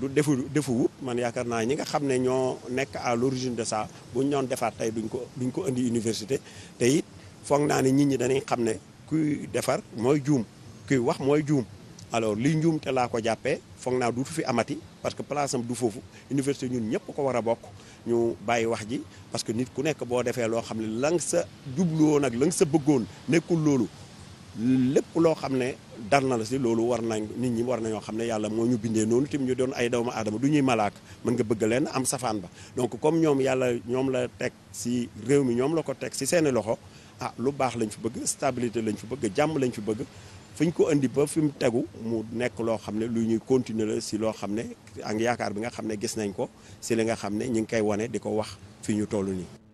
du defu defu wut man yaakaar naa ñi nga xam ne ñoo nekk à l'origine de ça bu ñu doon defaat tey duñ ko duñ ko indi université te it foog naa ne nit ñi danañ xam ne kuy defar mooy juum kuy wax mooy juum alors liy njuum te laa ko jàppee foog naa duutu fi amati parce que place am du foofu université ñun ñëpp ko war a bokk ñu bàyyi wax ji parce que nit ku nekk boo defee loo xam ne lang sa jubluwoon ak la sa bëggoon nekkul loolu lépp loo xam ne dal na la si loolu war nañ nit ñi war nañoo xam ne yàlla moo ñu bindee noonu tamit ñu doon ay doomu aadama du ñuy malaak mën nga bëgg leen am safaan ba donc comme ñoom yàlla ñoom la teg si réew mi ñoom la ko teg si seeni loxo ah lu baax lañ fi bëgg stabilité lañ fi bëgg jàmm lañ fi bëgg fi ñu ko indi ba fi mu tegu mu nekk loo xam ne lu ñuy continuer la si loo xam ne ak yaakaar bi nga xam ne gis nañ ko si li nga xam ne ñu ngi koy wane di ko wax fi ñu toll nii.